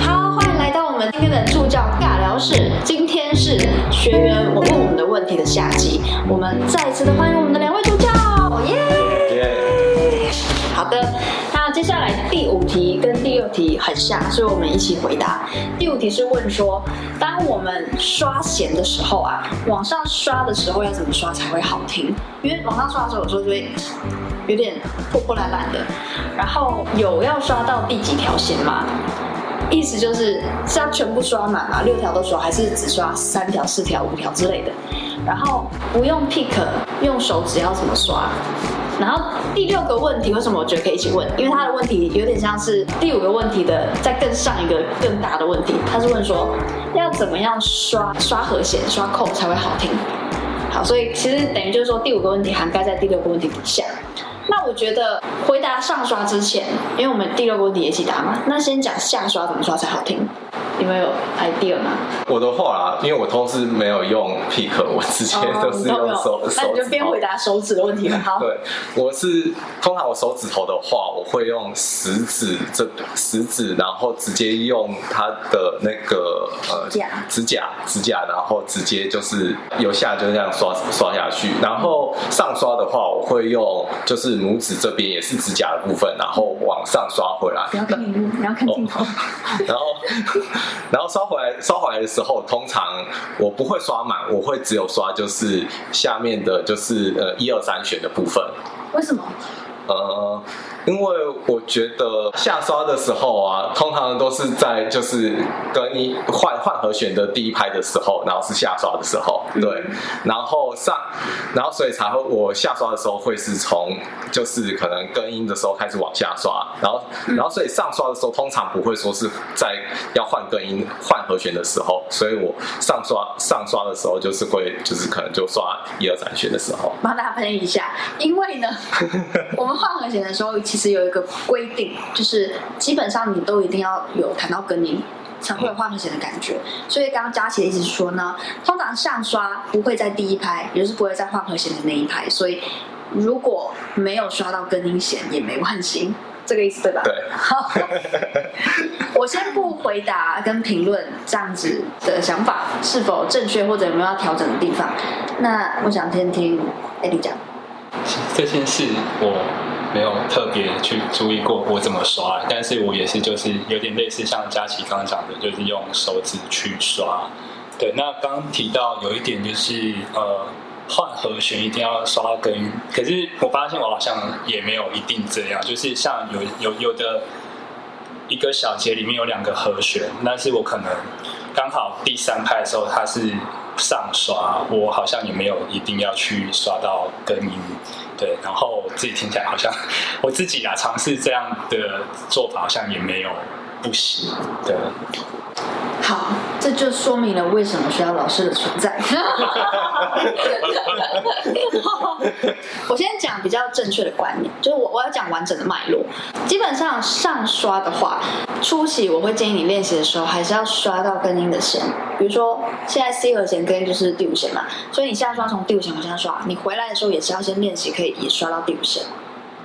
好，歡迎來到我們今天的助教尬聊室。今天是學員我問我們的問題的下集，我們再次的歡迎我們的兩位助教，耶、yeah！Yeah, yeah. 好的，那接下來第五題跟第六題很像，所以我們一起回答。第五題是問說，當我們刷弦的時候啊，往上刷的時候要怎麼刷才會好聽？因為往上刷的時候有時候就會有點破破爛爛的。然後有要刷到第幾條弦嗎？意思就是，是要全部刷滿嘛，六條都刷，還是只刷三條、四條、五條之類的？然後不用 pick，用手指要怎麼刷？然後第六個問題，為什麼我覺得可以一起問？因為他的問題有點像是第五個問題的再更上一個更大的問題。他是問說，要怎麼樣刷刷和弦、刷 Chord 才會好聽？好，所以其實等於就是說，第五個問題涵蓋在第六個問題底下。我覺得回答上刷之前，因為我們第六個問題一起答嘛，那先講下刷怎麼刷才好聽？因為有，有 idea 嘛。我的話啦，因為我都是沒有用 pick，我直接都是用手，哦。那你就邊回答手指的問題了。好， 對，我是通常我手指頭的話，我會用食指這食指，然後直接用它的那個呃指甲指甲指甲，然後直接就是由下就這樣刷刷下去，然後上刷的話，我會用就是這邊也是指甲的部分，然後往上刷回來。不要看鏡 頭，哦。然後，然後刷回來，刷回來的時候，通常我不會刷滿，我會只有刷就是下面的，就是呃一二三絃的部分。為什麼？呃。因為我覺得下刷的時候啊，通常都是在就是跟音換換和弦的第一拍的時候，然後是下刷的時候，對，嗯、然後上，然後所以才會我下刷的時候會是從就是可能跟音的時候開始往下刷，然後然後所以上刷的時候通常不會說是在要換跟音換和弦的時候，所以我上刷上刷的時候就是會就是可能就刷一二三弦的時候，幫大家噴一下，因為呢， 我們換和弦的時候。其實有一個規定，就是基本上你都一定要有彈到根音，才會有換和弦的感覺。嗯、所以剛剛嘉琪一直說呢，通常上刷不會在第一拍，也就是不會在換和弦的那一拍。所以如果沒有刷到根音弦也沒關係，這個意思對吧？對。好， 我先不回答跟評論這樣子的想法是否正確，或者有沒有要調整的地方。那我想先聽艾迪講。這件事我。沒有特別去注意過我怎麼刷，但是我也是就是有點類似像佳琪剛剛講的，就是用手指去刷。對，那剛提到有一點就是呃換和弦一定要刷到根音，可是我發現我好像也沒有一定這樣，就是像有有有的一個小節裡面有兩個和弦，但是我可能剛好第三拍的時候它是上刷，我好像也沒有一定要去刷到根音。對，然後自己聽起來好像，我自己啊嘗試這樣的做法，好像也沒有不行。對，好。這就說明了為什麼需要老師的存在。我先講比較正確的觀念，就是我我要講完整的脈絡。基本上上刷的話，初期我會建議你練習的時候還是要刷到根音的絃，比如說現在 C 和絃根音就是第五絃嘛，所以你下刷從第五絃往下刷，你回來的時候也是要先練習，可以也刷到第五絃。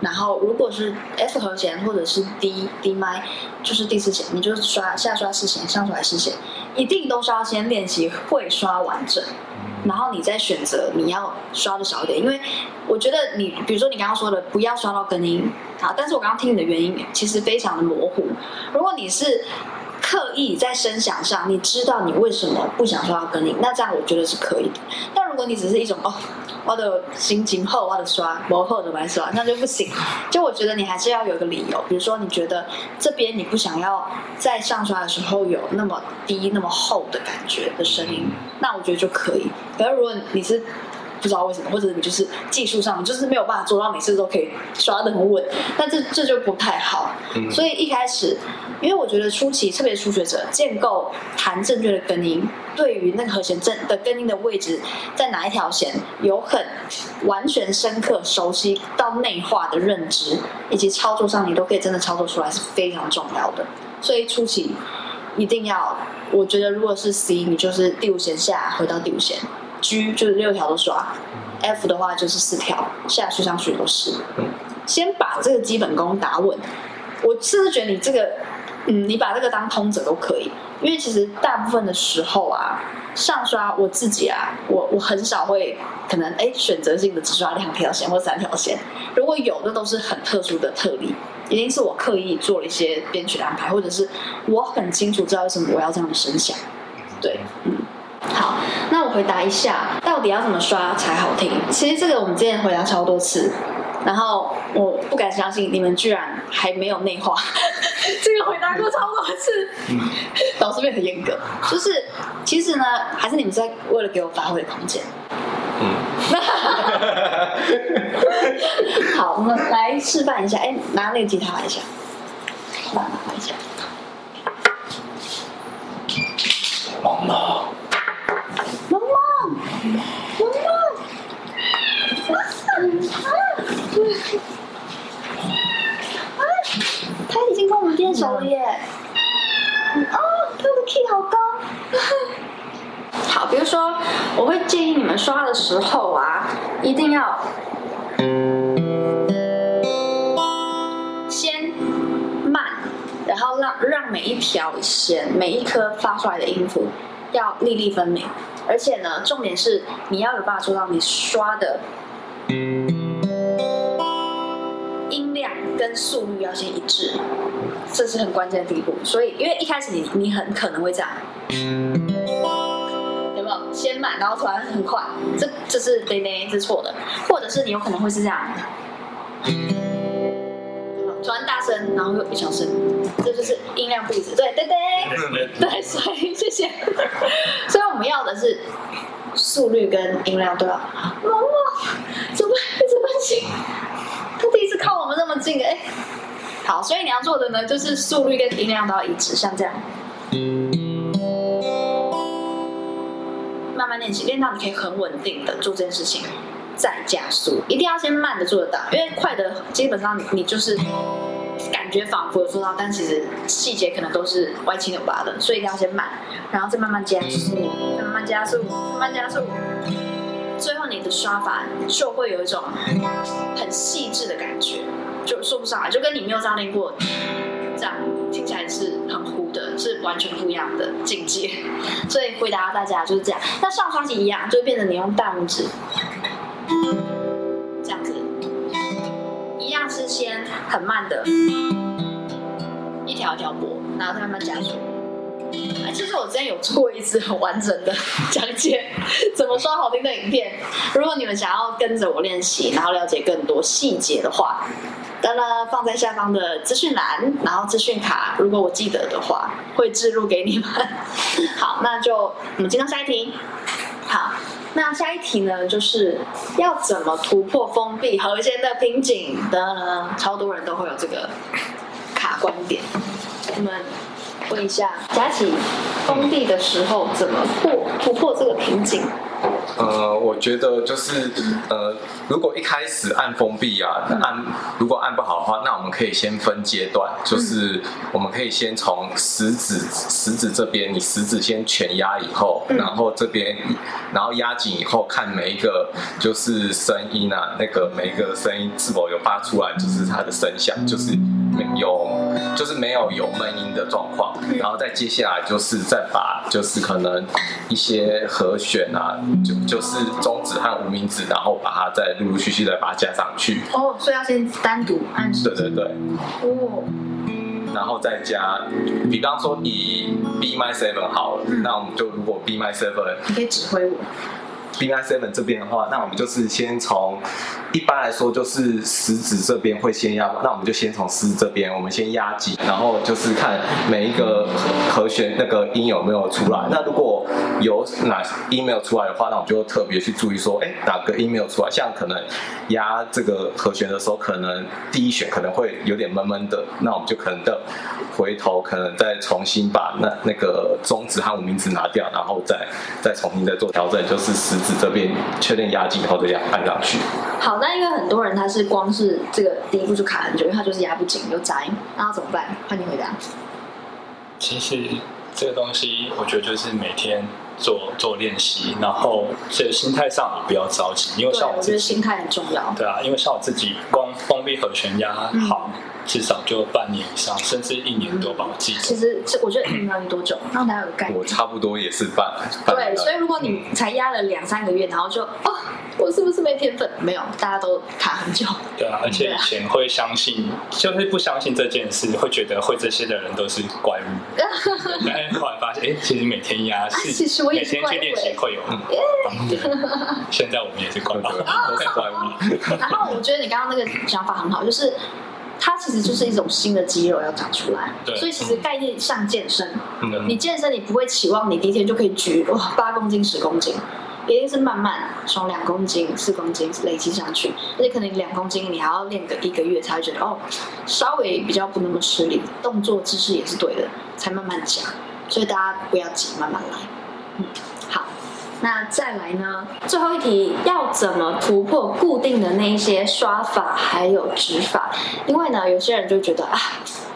然後，如果是 F 和弦，或者是 D、Dm 就是第四弦，你就刷下刷四弦，上刷來四弦，一定都是要先練習會刷完整，然後你再選擇你要刷的少一點。因為我覺得你，比如說你剛剛說的，不要刷到根音啊。但是我剛剛聽你的原因，其實非常的模糊。如果你是刻意在聲響上，你知道你為什麼不想刷到根音，那這樣我覺得是可以的。如果你只是一種哦，我的心情好，我的刷磨厚的玩刷，那就不行。就我覺得你還是要有個理由，比如說你覺得這邊你不想要在上刷的時候有那麼低、那麼厚的感覺的聲音，那我覺得就可以。然後如果你是。不知道為什麼，或者你就是技術上你就是沒有辦法做到每次都可以刷得很穩，但這這就不太好。嗯、所以一開始，因為我覺得初期，特別是初學者，建構彈正確的根音，對於那個和弦正的根音的位置在哪一條弦，有很完全深刻、熟悉到內化的認知，以及操作上你都可以真的操作出來是非常重要的。所以初期一定要，我覺得如果是 C，你就是第五弦下回到第五弦。G 就是六條的刷，F 的話就是四條，下去上去都是。先把這個基本功打穩。我甚至覺得你這個，嗯，你把這個當通則都可以，因為其實大部分的時候啊，上刷我自己啊，我我很少會可能哎、欸、選擇性的只刷兩條弦、或三條弦。如果有的都是很特殊的特例，一定是我刻意做了一些編曲的安排，或者是我很清楚知道為什麼我要這樣的聲響。對，嗯，好。我回答一下，到底要怎麼刷才好聽？其實這個我們之前回答超多次，然後我不敢相信你們居然還沒有內化。這個回答過超多次、嗯，老師們很嚴格。就是其實呢，還是你們在為了給我發揮的空間、嗯。 好，我們來示範一下。哎，拿那個吉他來一下。比如說，我會建議你們刷的時候啊，一定要先慢，然後讓讓每一條弦，每一顆發出來的音符要粒粒分明。而且呢，重點是你要有辦法做到你刷的音量跟速率要先一致，這是很關鍵的一步。所以，因為一開始你你很可能會這樣。先慢，然後突然很快，這這是對對，是錯的，或者是你有可能會是這樣的，嗯、突然大聲，然後又一小聲，這就是音量不一致，對對對，對對對對對對，所以謝謝， 所以我們要的是速率跟音量都要好。毛、啊、怎麼怎麼行？他第一次靠我們那麼近哎、欸，好，所以你要做的呢，就是速率跟音量都要一致，像這樣。慢慢練習，練到你可以很穩定的做這件事情，再加速，一定要先慢的做得到，因為快的基本上你就是感覺仿佛有做到，但其實細節可能都是歪七扭八的，所以一定要先慢，然後再慢慢加速，慢慢加速，慢慢加速，最後你的刷法就會有一種很細緻的感覺，就說不上來，就跟你沒有這樣練過，這樣。聽起來是很糊的，是完全不一樣的境界。所以回答大家就是這樣。那上雙吉一樣，就變成你用大拇指這樣子，一樣是先很慢的，一條一條撥，然後慢慢加速，欸。其實我之前有做過一次很完整的講解，怎麼刷好聽的影片。如果你們想要跟着我練習，然後了解更多細節的話。當放在下方的資訊欄，然後資訊卡，如果我記得的話，會置入給你們。好，那就我們進到下一題。好，那下一題呢，就是要怎麼突破封閉和弦的瓶頸？得了，超多人都會有這個卡觀點。我們。問一下，夾起封閉的時候怎麼破突、嗯、破這個瓶頸？呃，我覺得就是呃，如果一開始按封閉啊，嗯、按如果按不好的話，那我們可以先分階段，就是我們可以先從食指食指這邊，你食指先全壓以後，嗯、然後這邊然後壓緊以後，看每一個就是聲音啊，那個每一個聲音是否有發出來，就是它的聲響，嗯、就是。有，就是沒有有悶音的狀況。嗯、然後再接下來，就是再把，就是可能一些和弦啊，就就是中指和無名指，然後把它再陸陸續續的把它加上去。哦，所以要先單獨按、嗯。對對對。哦。然後再加，比方說你 Bmaj7 好了，嗯、那我們就如果 Bmaj7 你可以指揮我。Bmaj7 這邊的話，那我們就是先從。一般來說，就是食指這邊會先壓，那我們就先從食指這邊，我們先壓緊，然後就是看每一個和弦那個音有沒有出來。那如果有哪個音沒有出來的話，那我們就特別去注意說，哎、欸，哪個音沒有出來？像可能壓這個和弦的時候，可能第一弦可能會有點悶悶的，那我們就可能的回頭可能再重新把那那個中指和無名指拿掉，然後再再重新再做調整，就是食指這邊確定壓緊以後再按上去。好的。那因為很多人他是光是這個第一步就卡很久，因為他就是壓不緊，有雜音，那要怎麼辦？歡迎回答。其實這個東西，我覺得就是每天做做練習，然後所以心態上你不要着急，因為像我，我覺得心態很重要。對啊，因為像我自己光封閉和弦壓好，嗯、至少就半年以上，甚至一年多吧，我記得、嗯。其實這我覺得也沒有多久，讓大家有個概念，我差不多也是半，對，對所以如果你才壓了兩三個月，嗯、然後就、哦我是不是沒天分？沒有，大家都卡很久。對啊，而且以前會相信，就是不相信這件事，會覺得會這些的人都是怪物。然後後來發現，哎，其實每天壓，其實我每天去練習會有。現在我們也是怪物，都是怪物。然後我覺得你剛剛那個想法很好，就是它其實就是一種新的肌肉要長出來。對，所以其實概念像健身，你健身你不會期望你第一天就可以舉哇八公斤、十公斤。一定是慢慢從兩公斤、四公斤累積上去，而且可能兩公斤你還要練個一個月才會覺得哦，稍微比較不那麼吃力，動作姿勢也是對的，才慢慢加，所以大家不要急，慢慢來。嗯，好，那再來呢？最後一題，要怎麼突破固定的那一些刷法還有指法？因為呢，有些人就覺得啊，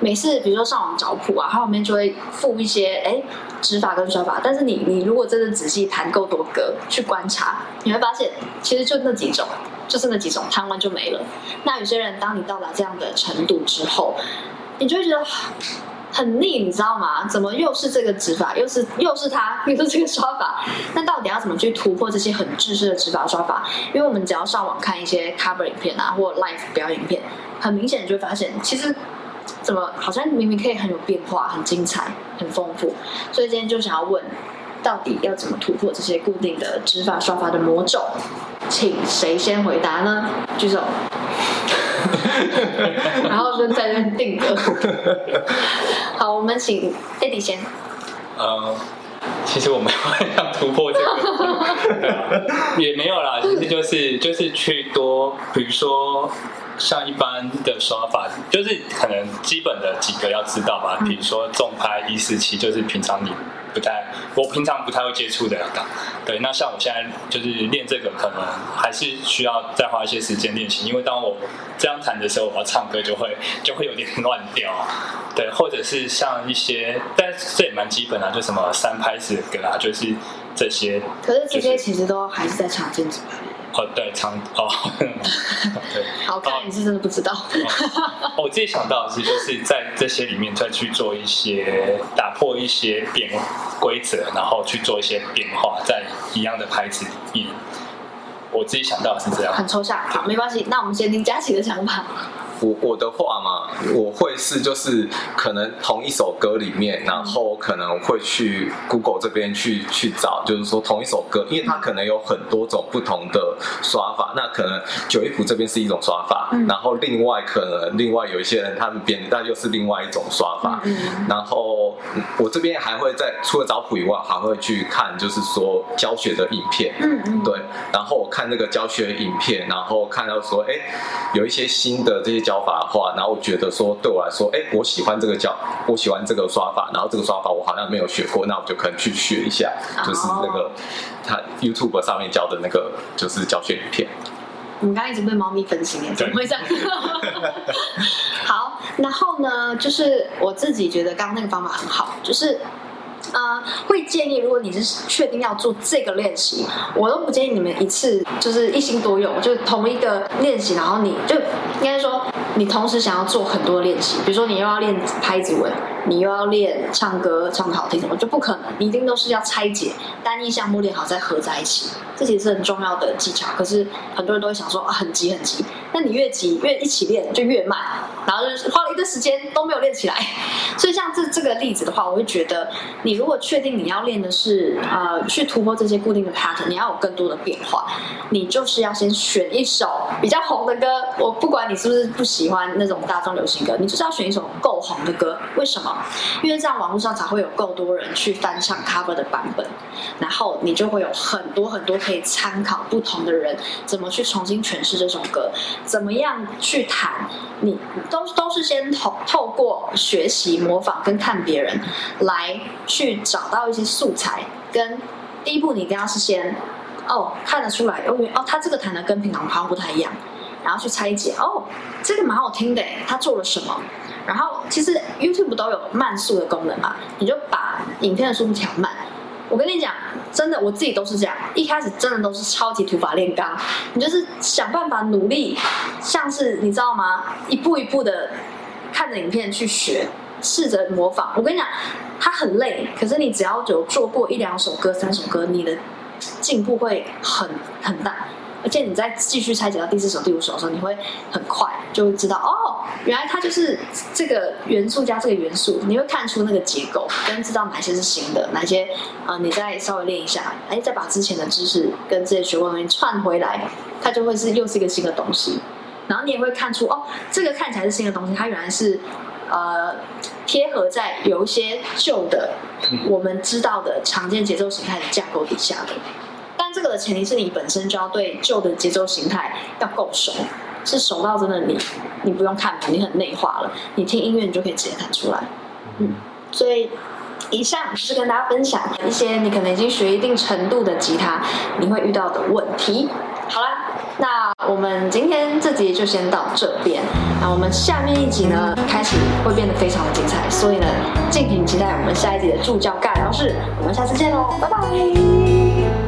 每次比如說上網找譜啊，他後面就會附一些哎。欸指法跟刷法，但是你你如果真的仔細彈夠多歌去觀察，你會發現其實就那幾種，就是那幾種，彈完就沒了。那有些人當你到達這樣的程度之後，你就會覺得很膩，你知道嗎？怎麼又是這個指法，又是又是它，又是這個刷法？ 那到底要怎麼去突破這些很制式的指法刷法？因為我們只要上網看一些 cover 影片啊，或 live 表演影片，很明顯你就會發現，其實。怎麼好像明明可以很有變化、很精彩、很豐富，所以今天就想要問，到底要怎麼突破這些固定的指法、刷法的魔咒？請誰先回答呢？舉手。 然後就在這邊定格。 好，我們請 Eddie 先。嗯，uh, 其實我們想要突破這個 啊，也沒有啦，其實就是就是去多，比如說。像一般的刷法，就是可能基本的幾個要知道吧。比如說重拍一四七，就是平常你不太，我平常不太會接觸的。對，那像我現在就是練這個，可能還是需要再花一些時間練習。因為當我這樣彈的時候，我要唱歌就會就會有點亂掉。對，或者是像一些，但這也蠻基本啊，就什麼三拍子的歌啊，就是這些。就是、可是這些其實都還是在常見拍子哦，oh, 對，長哦，oh. oh, 對，好看，oh. 你是真的不知道。 oh. Oh. Oh, 我自己想到的是，就是在這些裡面再去做一些打破一些變規則，然後去做一些變化，在一樣的牌子裡面，oh. Oh. Oh. Oh. 我自己想到的是這樣。很抽象，oh. 好，沒關係，那我們先聽佳琪的想法。我我的話嘛，我會是就是可能同一首歌裡面，然後可能會去 Google 這邊去去找，就是說同一首歌，因為它可能有很多種不同的刷法。那可能九一譜這邊是一種刷法，嗯、然後另外可能另外有一些人他們編的，但又是另外一種刷法，嗯嗯、然後。我這邊還會在除了找譜以外，還會去看就是說教學的影片。嗯嗯。對，然後我看那個教學影片，然後看到說，哎、欸，有一些新的這些教法的話，然後我覺得說對我來說，哎、欸，我喜歡這個教，我喜歡這個刷法，然後這個刷法我好像沒有學過，那我就可能去學一下，就是那個他 YouTube 上面教的那個就是教學影片。我們剛剛一直被貓咪分心耶，怎麼會這樣？對 好，然後呢，就是我自己覺得剛剛那個方法很好，就是啊、呃，會建議如果你是確定要做這個練習，我都不建議你們一次就是一心多用，就同一個練習，然後你就應該說你同時想要做很多練習，比如說你又要練拍子穩你又要練唱歌，唱不好聽什麼，麼就不可能，你一定都是要拆解單一項目練好，再合在一起，這其實是很重要的技巧。可是很多人都會想說，啊，很急很急，那你越急，越一起練就越慢。然後就花了一段時間都沒有練起來，所以像這這個例子的話，我會覺得你如果確定你要練的是呃去突破這些固定的 pattern，你要有更多的變化，你就是要先選一首比較紅的歌。我不管你是不是不喜歡那種大眾流行歌，你就是要選一首夠紅的歌。為什麼？因為這樣網絡上才會有夠多人去翻唱 cover 的版本，然後你就會有很多很多可以參考不同的人怎麼去重新詮釋這首歌，怎麼樣去彈你。都都是先透透過學習、模仿跟看別人來去找到一些素材。跟第一步，你一定要是先哦看得出來，哦原哦他這個彈的跟平常好像不太一樣，然後去拆解哦這個蠻好聽的，他做了什麼？然後其實 YouTube 都有慢速的功能嘛，你就把影片的速度調慢。我跟你講，真的，我自己都是這樣。一開始真的都是超級土法煉鋼，你就是想辦法努力，像是你知道嗎？一步一步的看着影片去學，試着模仿。我跟你講，它很累，可是你只要有做過一兩首歌、三首歌，你的進步會很很大。而且你再繼續拆解到第四首、第五首的時候，你會很快就會知道哦，原來它就是這個元素加這個元素，你會看出那個結構，跟知道哪些是新的，哪些啊、呃，你再稍微練一下，哎，再把之前的知識跟這些學問串回來，它就會是又是一個新的東西。然後你也會看出哦，這個看起來是新的東西，它原來是呃貼合在有一些舊的我們知道的常見節奏形態的架構底下的。這個的前提是你本身就要對舊的節奏形態要夠熟，是熟到真的你，你不用看吧，你很內化了，你聽音樂你就可以直接彈出來。嗯，所以以上就是跟大家分享一些你可能已經學一定程度的吉他你會遇到的問題。好啦，那我們今天這集就先到這邊，那我們下面一集呢，開始會變得非常的精彩，所以呢，敬請期待我們下一集的助教尬聊室，我們下次見嘍，拜拜。